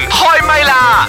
開嘜啦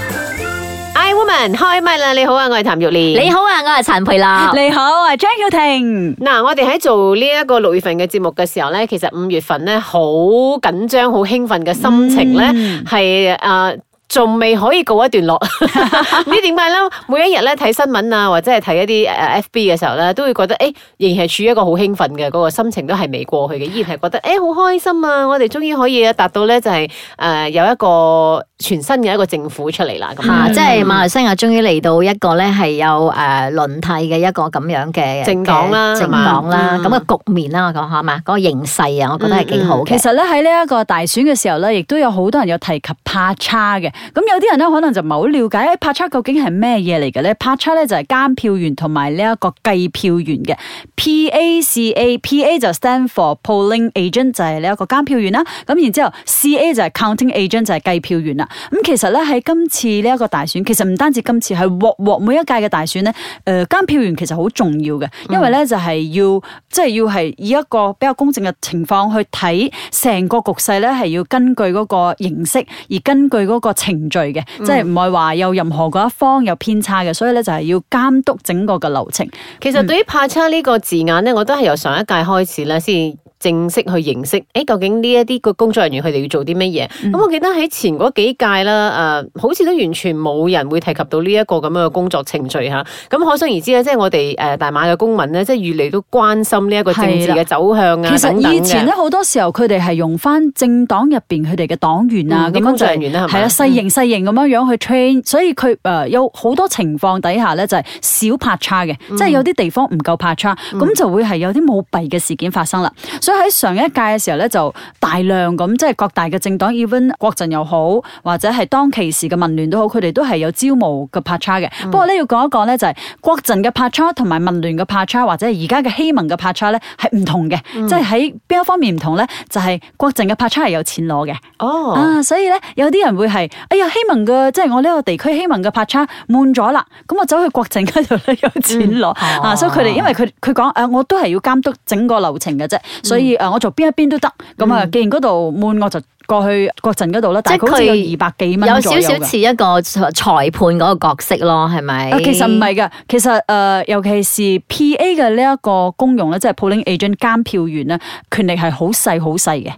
！I woman 開嘜啦！你好啊，我係譚玉蓮。你好啊，我係陳培樂。你好啊，張曉婷。嗱，我哋喺做呢一個六月份嘅節目嘅時候咧，其實五月份咧好緊張、好興奮嘅心情咧係啊。仲未可以告一段落，唔知點解咧？每一日咧睇新聞啊，或者係睇一啲 F B 嘅時候咧，都會覺得誒、哎，仍然係處於一個好興奮嘅嗰、那個心情，都係未過去嘅，依然係覺得誒好、哎、開心啊！我哋終於可以達到咧、就是，就係誒有一個全新嘅一個政府出嚟啦，咁、嗯嗯、即係馬來西亞終於嚟到一個咧係有誒輪替嘅一個咁樣嘅政黨啦，政黨啦咁嘅局面啦，我講下嘛，嗰、那個形勢啊，我覺得係幾好、嗯嗯、其實咧喺呢一個大選嘅時候咧，亦都有好多人有提及 PACA 嘅。咁有啲人咧，可能就唔係好了解，PACA 究竟係咩嘢嚟嘅咧？PACA 咧就係監票員同埋呢一個計票員嘅 P A C A P A 就 stand for polling agent，就係呢一個監票員啦。咁然之後 C A 就係 counting agent，就係計票員啦。咁其實咧喺今次呢一個大選，其實唔單止今次，係獲獲每一屆嘅大選咧，誒監票員其實好重要嘅，因為咧就係要即係要係以一個比較公正嘅情況去睇成個局勢咧，係要根據嗰個形式而根據嗰個程序嘅，即係唔係話有任何嗰一方有偏差嘅，所以呢就係要監督整個嘅流程。嗯。其實對於 PACA 呢，呢個字眼我都係由上一屆開始呢先。正式去認識，欸、究竟呢一啲個工作人員佢哋要做啲乜嘢？咁、嗯、我記得喺前嗰幾屆啦，好似都完全冇人會提及到呢一個咁樣嘅工作程序嚇。咁可想而知咧，即係我哋大馬嘅公民咧，即係越嚟都關心呢一個政治嘅走向啊等等。其實以前咧好多時候佢哋係用翻政黨入面佢哋嘅黨員啊，咁、嗯、工作人員係啊，細型細型咁樣樣去 train，、嗯、所以佢有好多情況底下咧就係少拍叉嘅、嗯，即係有啲地方唔夠拍叉，咁、嗯、就會係有啲舞弊嘅事件發生啦。所以喺上一屆嘅時候咧，就大量咁，即係各大嘅政黨，even 國陣又好，或者係當其時嘅民聯都好，佢哋都係有招募嘅拍叉嘅、嗯。不過咧，要講一講咧，就係、是、國陣嘅拍叉同埋民聯嘅拍叉，或者係而家嘅希盟嘅拍叉咧，係唔同嘅。即係喺邊一方面唔同咧，就係、是、國陣嘅拍叉係有錢攞嘅。哦，啊，所以咧，有啲人會係，哎呀，希盟嘅，即、就、係、是、我呢個地區希盟嘅拍叉滿咗啦，咁我走去國陣嗰度都有錢攞、嗯哦、啊，所以佢哋因為佢佢講，誒、啊，我都係要監督整個流程嘅啫，所以、嗯。所 誒，我做邊一邊都得。咁啊，既然嗰度悶，我就。過去國陣嗰度咧，大概有二百幾蚊，有少少似一個裁判嗰個角色咯，係咪？其實唔係噶，其實誒、呃，尤其是 P.A. 嘅呢一個功用咧，即係 polling agent 監票員咧，權力係好細好細嘅。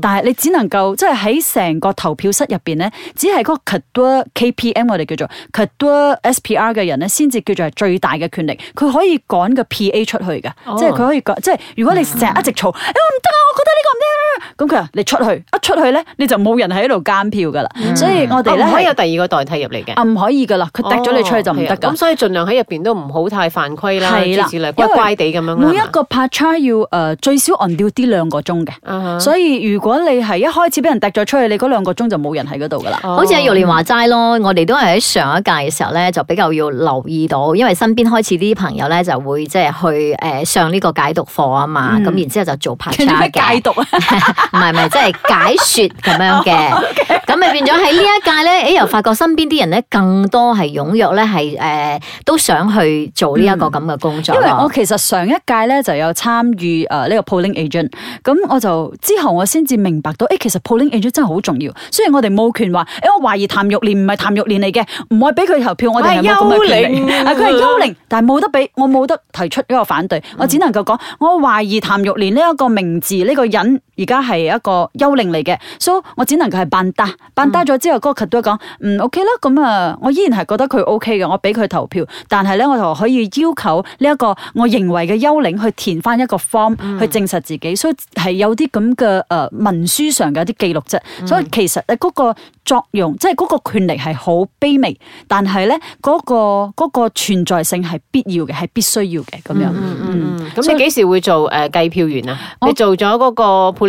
但係你只能夠即係喺成個投票室入邊咧，只係嗰個 Ketua KPM 我哋叫做 Ketua SPR 嘅人咧，先至叫做係最大嘅權力。佢可以趕個 P.A. 出去噶、哦，即係佢可以趕。即係如果你成日一直嘈，哎唔得啊，我覺得呢個唔得啦，咁佢話你出去，一出去。你就冇人喺度監票噶啦、嗯，所以我哋咧、啊、唔可以有第二個代替入嚟嘅，唔、啊、可以噶啦，佢剔咗你出去就唔得噶。咁、哦、所以儘量喺入邊都唔好太犯規啦，乖乖哋咁樣，樣。每一個 PACA 要誒、呃、最少 on duty 兩個鐘嘅、嗯，所以如果你係一開始俾人剔咗出去，你嗰兩個鐘就冇人喺嗰度噶啦。好似玉蓮話齋咯，嗯、我哋都係喺上一屆嘅時候咧，就比較要留意到，因為身邊開始啲朋友咧就會即係去誒上呢個解讀課啊嘛，咁、嗯、然後之後就做 PACA 解讀啊，唔係唔係即係解説。 咁樣嘅，咁、oh, 咪、okay. 變咗喺呢一屆咧？誒，又發覺身邊啲人咧，更多係踴躍咧，係誒、呃、都想去做呢一個咁嘅工作、嗯。因為我其實上一屆咧就有參與誒呢個 polling agent，咁我就之後我先至明白到，誒、欸，其實 polling agent 真係好重要。雖然我哋冇權話，誒、欸，我懷疑譚玉蓮唔係譚玉蓮嚟嘅，唔會畀俾佢投票我幽靈、啊幽靈，我哋係冇咁嘅權力係佢幽靈，但係冇得俾，我冇得提出呢個反對，我只能夠講、嗯，我懷疑譚玉蓮呢一個名字呢、這個人。而家係一個幽靈嚟嘅。所以，我只能夠係扮低，扮低咗之後，嗯嗰個 captain 講嗯，O.K. 啦，咁啊，我依然係覺得佢 O.K. 嘅，我俾佢投票，但係咧，我就可以要求呢一個我認為嘅幽靈去填翻一個 form，嗯、去證實自己，所以係有啲咁嘅誒文書上嘅一啲記錄啫。所以其實誒嗰個作用，即係嗰個權力係好卑微，但係咧嗰個嗰、嗰個存在性係必要嘅，係必須要嘅咁樣嗯，咁、嗯嗯、你幾時會做誒計、uh, 票員啊？你做咗嗰、嗰個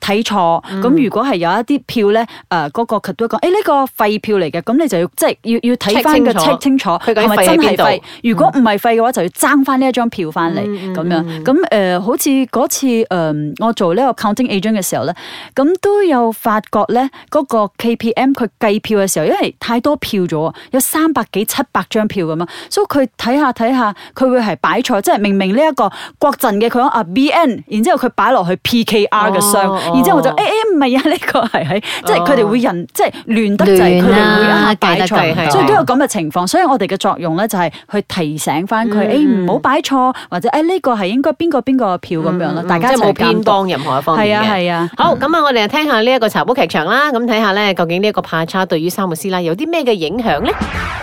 睇錯咁、嗯呃那個欸這個就是，如果係有一啲票咧，誒嗰個 c 都講，誒呢個廢票嚟嘅，咁你就要即係要要睇返嘅，睇清楚，係咪真係廢？如果唔係廢嘅話，就要爭翻呢一張票翻嚟，咁、嗯、樣咁、呃、好似嗰次誒、呃、我做呢個 counting agent 嘅時候咧，咁都有發覺咧，嗰、那個 KPM 佢計票嘅時候，因為太多票咗，有三百幾七百張票咁啊，所以佢睇下睇下，佢會係擺錯，即係明明呢一個國陣嘅，佢講啊 BN，然之後佢擺落去 PKR 嘅箱。哦。然之後我就誒誒唔係啊，呢、這個係喺即係佢哋會人即係亂得滯，佢哋會一下擺錯，所以都有咁嘅情況、啊。所以我哋嘅作用咧就係去提醒翻佢，誒唔好擺錯，或者誒呢、哎這個係應該邊個邊個票咁樣咯。大家、嗯、即冇偏幫任何一方面係啊係啊。好，咁、嗯、啊，我哋啊聽下呢一個茶煲劇場啦，咁睇下咧究竟呢一個 PACA 對於三木師奶有啲咩嘅影響咧？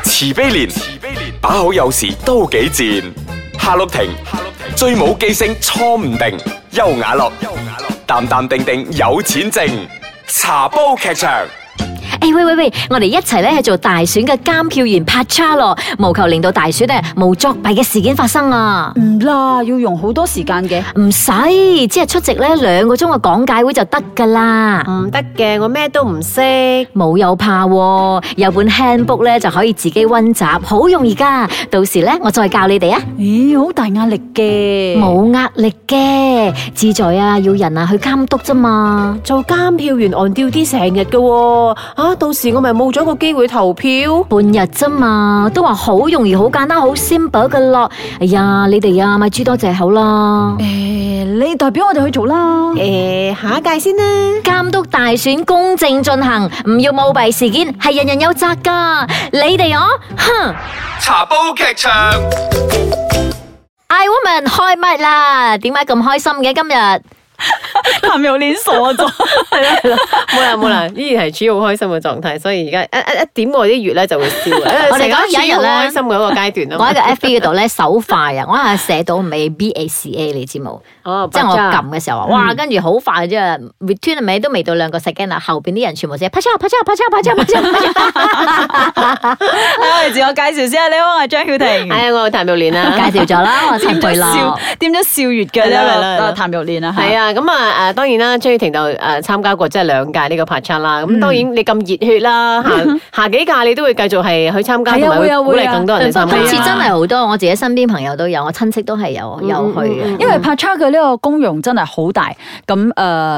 慈悲蓮，慈悲蓮，把好有時都幾賤。夏綠亭，夏綠亭，最冇記性錯唔定。優雅樂，優雅樂。淡淡定定有錢剩，茶煲劇場。誒喂喂喂，我哋一齊呢去做大選嘅監票員派差咯，務求令到大選呢無作弊嘅事件發生啊！唔、嗯、啦，要用好多時間嘅，唔使，只係出席呢兩個鐘嘅講解會就得㗎啦。唔得嘅，我咩都唔識，冇有怕，喎。有本 handbook 咧就可以自己溫習，好容易㗎。到時呢，我再教你哋啊。咦、嗯，好大壓力嘅，冇壓力嘅，自在啊，要人啊去監督咋嘛。做監票員按吊啲成日㗎喎。到時我咪冇咗個機會投票，半日啫嘛，都話好容易、好簡單、好 simple 噶啦。哎呀，你哋啊，咪諸多借口啦。誒，你代表我哋去做啦。誒，下一屆先啦。監督大選公正進行，唔要舞弊事件，係人人有責噶。你哋我，哼。茶煲劇場，I woman 開嘜啦？點解咁開心嘅今日？譚玉蓮傻咗係啦係啦，冇啦冇啦，依然係處於好開心嘅狀態，所以而家一一一點我啲月咧就會了笑我。我哋講日入開心嗰個階段我喺個 FB 嗰度咧手快啊，我係寫到 maybe PACA 你知冇、哦？即係我撳嘅時候啊，哇，嗯、跟住好快即後 return 咪都未到兩個十間後邊啲人全部寫 PACAPACAPACAPACA 拍，拍、 啊、自我介紹先啊，你好啊張曉婷，係我係譚玉蓮啦，介紹咗啦，我係陳佩娜，點咗笑月嘅啦，譚玉蓮啊，係啊。咁啊誒，當然啦，張雨婷就誒參加過即係兩屆呢個 PACA 啦。咁當然你咁熱血啦，下 下幾屆你都會繼續係去參加嘅，啊， 鼓勵更多人去參加。今次，啊啊、真係好多，我自己身邊朋友都有，我親戚都係有有去的，嗯嗯。因為 PACA 嘅呢個功用真係好大。咁誒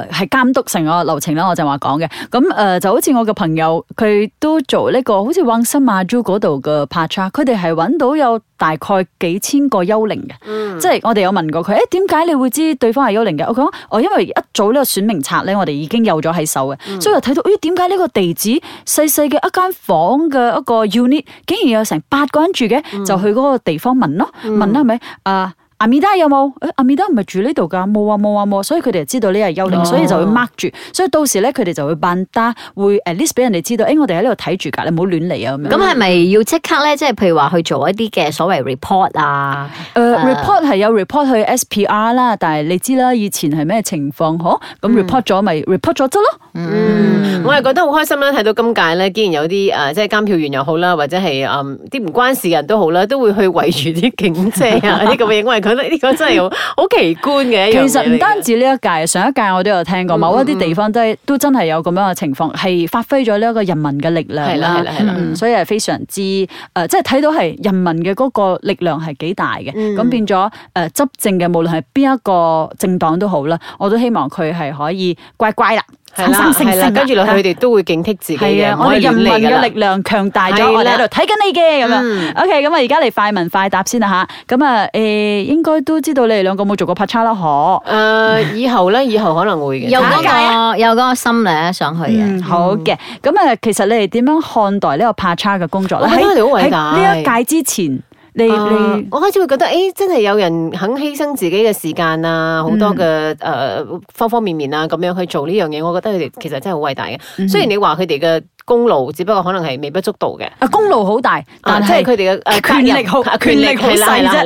係監督成個流程啦，我就話講嘅。咁誒，呃、就好似我嘅朋友，佢都做呢、這個好似旺新馬珠嗰度嘅 PACA，佢哋係搵到有。大概幾千個幽靈嘅、嗯，即係我哋有問過佢，誒、欸，點解你會知對方係幽靈嘅？我講，哦，因為一早呢個選民冊咧，我哋已經有咗喺手嘅、嗯，所以睇到，誒、欸，點解呢個地址細細嘅一間房嘅一個 unit，竟然有成八個人住嘅、嗯，就去嗰個地方問咯，問啦，係咪、嗯、啊？阿米達有冇、欸？阿米達唔係住呢度噶，冇啊冇啊冇、啊，所以佢哋就知道呢係幽靈，oh. 所以就會 mark 住，所以到時咧佢哋就會扮單會 at least 俾人哋知道，誒、欸，我哋喺呢度睇住㗎，你唔好亂嚟啊咁樣。咁係咪要即刻咧？即係譬如話去做一啲嘅所謂 report 啊？誒、呃 uh，report 係有 report 去 SPR 啦，但係你知啦，以前係咩情況嗬，咁、嗯、report 咗咪 report 咗得咯？嗯，我係覺得好開心啦，睇到今屆咧，既然有啲誒，即、呃、係監票員又好啦，或者係誒啲唔關事人都好啦，都會去圍住啲警車啊，啲咁嘅影。覺得呢個真係好好奇觀嘅，其實唔單止呢一屆，上一屆我都有聽過，嗯、某一啲地方都、嗯、都真係有咁樣嘅情況，係發揮咗呢一個人民嘅力量啦、嗯，所以係非常之誒、呃，即係睇到係人民嘅嗰個力量係幾大嘅，咁、嗯、變咗誒執政嘅無論係邊一個政黨都好啦，我都希望佢係可以乖乖啦。係啦，係啦，跟住落去，佢哋都會警惕自己嘅。我哋人民嘅力量強大咗，我哋喺度睇緊你嘅。咁樣。嗯，OK，咁啊，而家嚟快問快答先啦，吓，咁啊，誒、欸，應該都知道你哋兩個冇做過拍叉啦，嗬，誒，以後咧，以後可能會嘅。有嗰、嗰個，有個心咧，上去嘅。好嘅。咁、嗯、啊，其實你哋點樣看待呢個拍叉嘅工作咧？喺喺呢一屆之前。Uh, 我開始會覺得、哎，真係有人肯犧牲自己嘅時間啊，好多嘅、嗯呃、方方面面啊，咁樣去做呢樣嘢，我覺得佢哋其實真係好偉大嘅。嗯、雖然你話佢哋嘅。公路只不過可能係微不足道嘅。啊，公路好大，但係佢哋嘅權力好大。 權力好細，就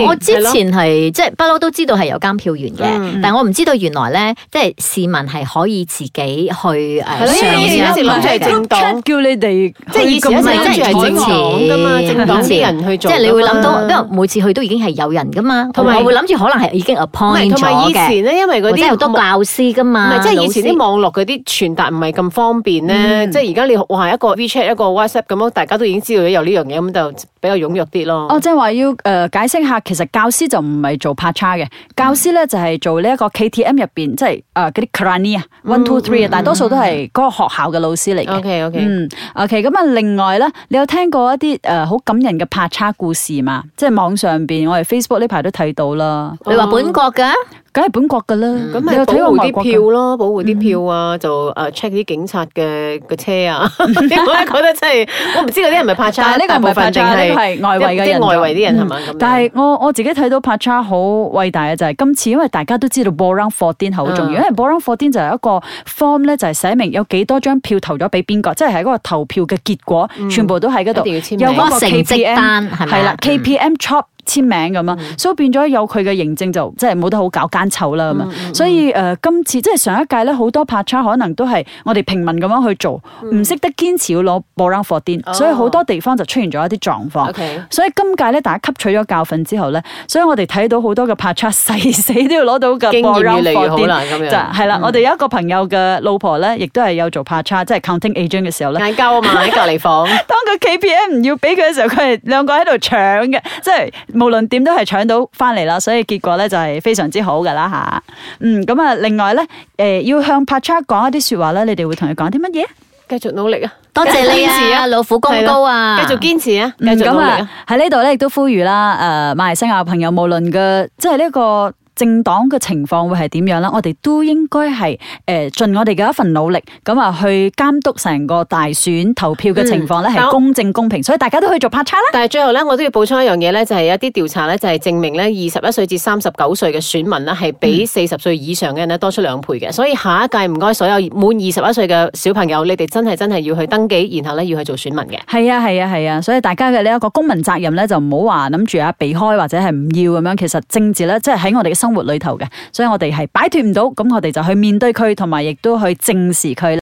是，我之前係即係不嬲都知道係有監票員嘅，嗯，但我唔知道原來咧，即係市民係可以自己去誒，啊嗯，上一上到，叫你哋即係以前諗住係政黨嘅嘛，政黨啲人去做，即係你會諗到，啊，因為每次去都已經係有人噶嘛，同埋我會諗住可能係已經 appoint 咗嘅。同埋以前咧，因為嗰啲即係多教師噶嘛，即係，就是，以前啲網絡嗰啲傳達唔係咁方便咧，嗯，即而家你話一個 WeChat 一個 WhatsApp 咁樣，大家都已經知道咗有呢樣嘢咁就。比較踴躍啲咯。哦，即係話要誒、呃、解釋下，其實教師就唔係做拍叉嘅、嗯，教師咧就係、是、做呢一個 KTM 入邊，即係誒嗰啲 Krani one two three，大多數都係嗰個學校嘅老師嚟嘅。OK OK，嗯，OK。咁啊，另外咧，你有聽過一啲誒好感人嘅拍叉故事嘛？即、就、係、是、網上邊，我哋 Facebook 呢排都睇到啦。你話本國嘅，梗、嗯、係本國噶啦。咁咪保護啲票咯，保護啲票，票啊，嗯、就誒、uh, check 啲警察嘅嘅車啊。 我咧覺得真係，我唔知嗰啲係咪拍叉呢個唔係拍叉外是，是外圍的人，外圍啲人係，但係我我自己睇到拍叉好偉大嘅就係、是、今次，因為大家都知道 ball round for 丁好重要，嗯、因為 ball round for 就係一個 form 就係寫明有幾多少張票投咗俾邊個，即係喺嗰個投票嘅結果、嗯，全部都喺嗰度，有那個 KPM, 成績單係嘛？k P M o p 簽名咁樣，所以變咗有佢嘅認證就即係冇得好搞奸詐啦咁樣。所以誒，今次即係上一屆咧，好多拍叉可能都係我哋平民咁樣去做，唔、嗯、識得堅持要攞 Borang 14、哦，所以好多地方就出現咗一啲狀況。Okay、所以今屆咧，大家吸取咗教訓之後咧，所以我哋睇到好多嘅拍叉誓死都要攞到嘅 Borang 14，啦、嗯。我哋有一個朋友嘅老婆咧，亦都係有做拍叉，即係 counting agent 嘅時候咧，眼啊嘛隔離房，當佢 KPM 唔要俾佢嘅時候，佢係、啊、 兩個喺度搶嘅，即係。無論點都係搶到翻嚟，啦，所以結果咧就係非常之好噶啦吓，嗯，咁啊，另外咧，誒、呃，要向 PACA 講一啲說話咧，你哋會同佢講啲乜嘢？繼續努力啊！多謝你啊！啊老虎功高啊！繼續堅持啊！繼續努力啊！喺呢度咧亦都呼籲啦，誒、呃，馬來西亞朋友，無論嘅即係呢個。政黨嘅情況會係點樣呢？我哋都應該係誒盡我哋嘅一份努力，咁啊去監督成個大選投票嘅情況咧係公正公平、嗯，所以大家都去做 PACA 啦。但係最後咧，我都要補充一樣嘢咧，就係有啲調查咧就係證明咧，二十一歲至三十九歲嘅選民咧係比四十歲以上嘅人咧多出兩倍嘅、嗯，所以下一屆唔該所有滿二十一歲嘅小朋友，你哋真係真係要去登記，然後咧要去做選民嘅。係啊係啊係啊，所以大家嘅呢一個公民責任咧就唔好話諗住啊避開或者係唔要咁樣，其實政治咧即係喺我哋嘅。生活裏頭嘅，所以我哋係擺脫唔到，咁我哋就去面對佢，同埋亦都去正視佢。